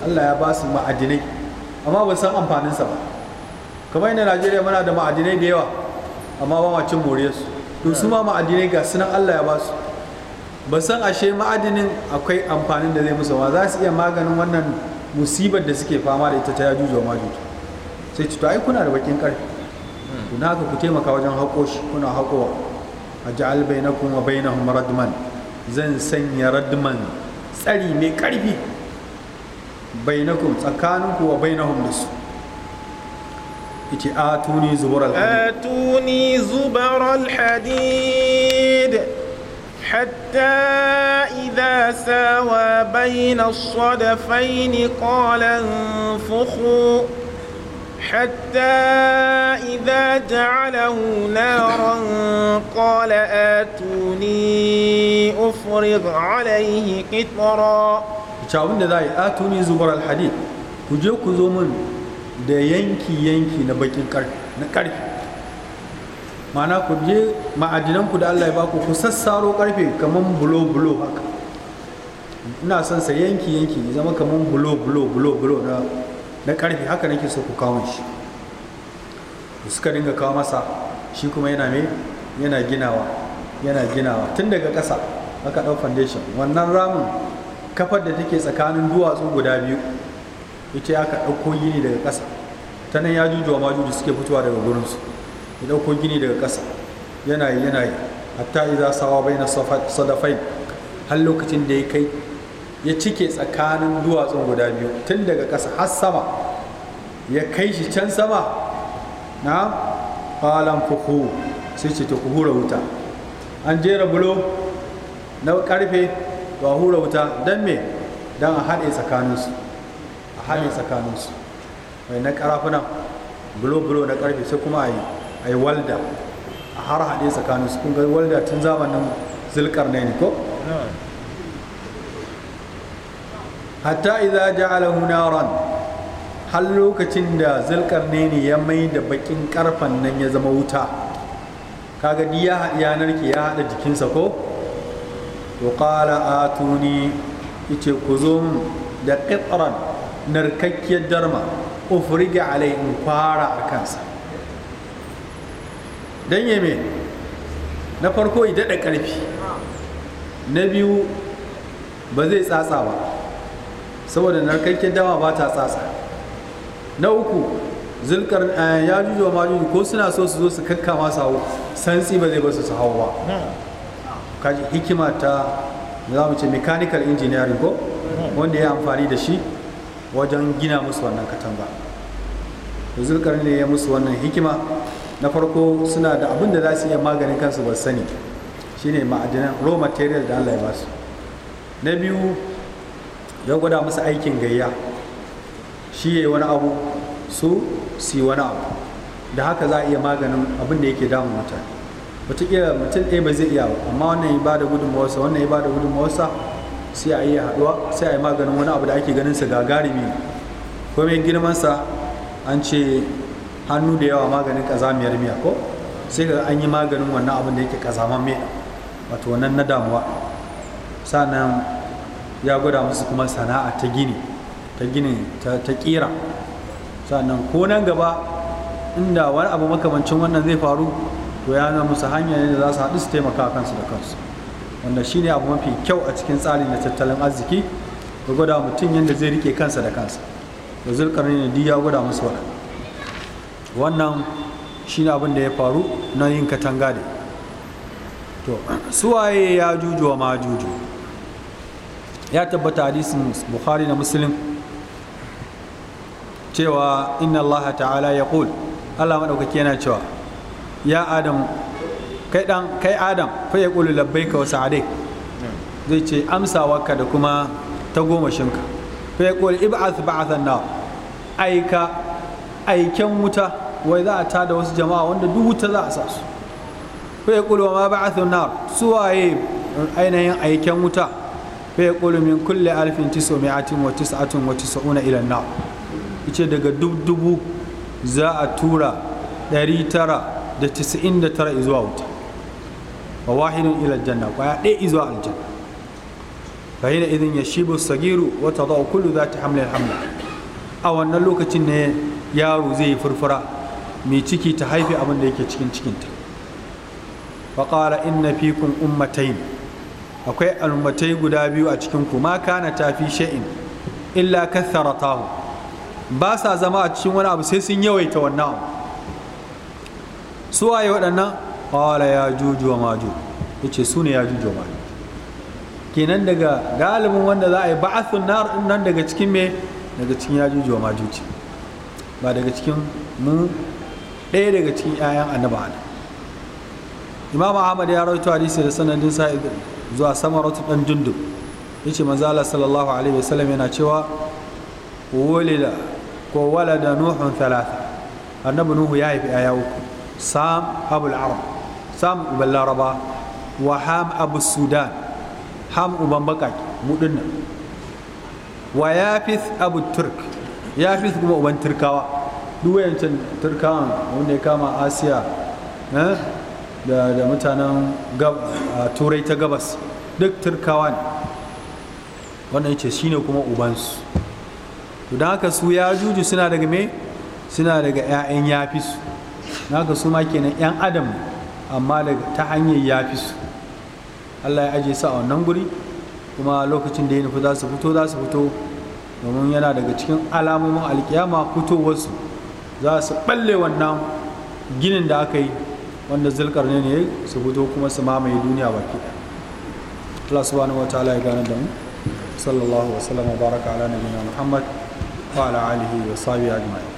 Allah ya ba su ma'adinai amma ban san amfaninsa ba kamar yadda Najeriya muna da ma'adinai da yawa amma ba ma cin moriyarsu to su ma ma'adinai ga sunan Allah ya ba su ba san ashe ma'adinin akwai amfanin da zai musu ba za su iya maganin wannan musibar da suke fama da ita ta yajuju wa majuju sai ci to ai kuna da bakin karfi to haka ku taimaka wajen haƙo shi kuna haƙowa a ja'al bainakum wa bainahum radman zan sanya radman tsari mai karfi بينكم سكانك وبينهم نص إتي آتوني زبر الحديد آتوني زبر الحديد حتى إذا ساوى بين الصدفين قال انفخوا حتى إذا جعله نارا قال آتوني افرض عليه قطرا cawun da za a yi atuni zubar alhadid ku je ku zo min da yanki-yanki na bakin karfe mana ku je ma'adinanku da allah ya baku ku sassaro karfe kamar bulo-bulo haka ina son sa yanki-yanki ya zama kamar bulo-bulo-bulo na karfe haka nake so ku kawo shi suka dinga kawo masa shi kuma yana mai yana ginawa yana ginawa tun daga ƙasa aka ɗau foundation wannan ramin kafar da take tsakanin duwatsu guda biyu ita ya ka ɗauko gini daga ƙasa ta nan ya jujuwa ma juju suke fitowa daga gurinsu ya ɗauko gini daga ƙasa yana yi yana yi hatta za sawa bai na sadafai har lokacin da ya kai ya cike tsakanin duwatsun guda biyu tun daga ƙasa har sama ya kai shi can sama na falon fuku sai ce ta kuhura wuta an jera bulo na ƙarfe to a hura wuta don me don a haɗe tsakaninsu a haɗe tsakaninsu mai na ƙarafuna bulo-bulo na ƙarfe sai kuma a yi walda a har haɗe tsakaninsu kun ga walda tun zamanin zulkar ne ko hatta idza ja'alahu naran har lokacin da ne ya mai da bakin karfan nan ya zama wuta kaga ya haɗi yanar ki ya haɗa jikinsa ko wa qala atuni yace ku zo mun da qitran narkakkiyar darma ufriga alai in fara a kansa dan ya me na farko ya daɗa ƙarfi na biyu ba zai tsatsa ba saboda narkakkiyar dama ba ta tsatsa na uku zulkar ya juju wa ko suna so su zo su kakkama su hau santsi ba zai ba su hau ba kaji hikima ta za mu ce mechanical engineering ko hmm. wanda ya amfani da shi wajen gina musu wannan katanga to zulkar ne ya musu wannan hikima na farko suna da abin da za su iya maganin kansu ba sani Shi ne ma'adinan raw material da Allah ya basu na biyu ya gwada musu aikin gayya shi yi wani abu su si wani abu da haka za a iya maganin abin da yake damun mutane wataƙila mutum ɗaya ba zai iya ba amma wannan ya ba da gudunmawarsa wannan ya ba gudunmawarsa sai a iya haɗuwa sai a yi maganin wani abu da ake ganin sa gagarumi ko mai girmansa an ce hannu da yawa maganin ƙazamiyar miya ko sai ka an yi maganin wannan abin da yake ƙazaman miya wato wannan na damuwa sannan ya gwada musu kuma sana'a ta gini ta gini ta ƙira sannan ko nan gaba inda wani abu makamancin wannan zai faru to ya na musu hanya ne da za su haɗu su taimaka kansu da kansu wanda shi ne abu mafi kyau a cikin tsarin na tattalin arziki ga gwada mutum yadda zai rike kansa da kansa da zulkarni ne ya gwada musu waɗanda wannan shi ne abin da ya faru na yin katanga da to suwaye ya juju wa ma juju ya tabbata hadisin bukhari na muslim cewa inna allaha ta'ala ya ƙul allah maɗaukaki yana cewa ya adam kai dan kai adam fa ya qulu labbaika wa sa'adik zai ce amsawarka da kuma ta gomashinka fa ya qulu ib'ath ba'athan nar aika aiken wuta wai za a da wasu jama'a wanda duk wuta za a sa su fa ya qulu ma ba'athun nar suwaye ainihin aiken wuta fa ya qulu min kulli alfin tisumi'atin wa tis'atin wa tis'una ila nar yace daga duk dubu za a tura ɗari tara da 99 izuwa wuta wa wahidin ila janna kwaya ɗaya izuwa aljanna fa hina idin yashibu sagiru wa tadau kullu zati hamlin hamla a wannan lokacin ne yaro zai furfura mai ciki ta haifi abin da yake cikin cikinta fa qala inna fikum ummatayn akwai almatai guda biyu a cikin ku ma kana tafi sha'in illa katharatahu ba sa zama a cikin wani abu sai sun yawaita wannan abu su waye waɗannan qala ya juju wa maju yace su ne ya juju wa maju kenan daga galibin wanda za a yi ba'athun nar nan daga cikin me daga cikin ya juju wa maju ce ba daga cikin mu ɗaya daga cikin 'ya'yan annaba adam imam ahmad ya rawaito hadisi da sanadin sa zuwa samaratu dan jundub yace manzo Allah sallallahu alaihi wasallam yana cewa da ko walada nuhun thalatha annabi nuhu ya haifi aya uku sam abu arab sam uban laraba wa ham abu sudan ham uban bakaki mudin nan wa yafis abu turk yafis kuma uban turkawa duk wayancin turkawan wanda ya kama asiya eh, da mutanen turai ta gabas duk turkawa ne wannan ce ne kuma ubansu to don haka su ya juju suna daga me suna daga 'ya'yan yafisu naka su ma kenan 'yan adam amma ta hanyar ya fi su allah ya ajiye su a wannan guri kuma lokacin da ya nufi za su fito za su fito domin yana daga cikin alamomin alkiyama fitowarsu za su balle wannan ginin da aka yi wanda zulkar ne ne su fito kuma su mamaye duniya baki Allah subhanahu wa ta'ala ya gane da mu sallallahu wa baraka ala nabiyina Muhammad wa ala alihi wa sahbihi ajma'in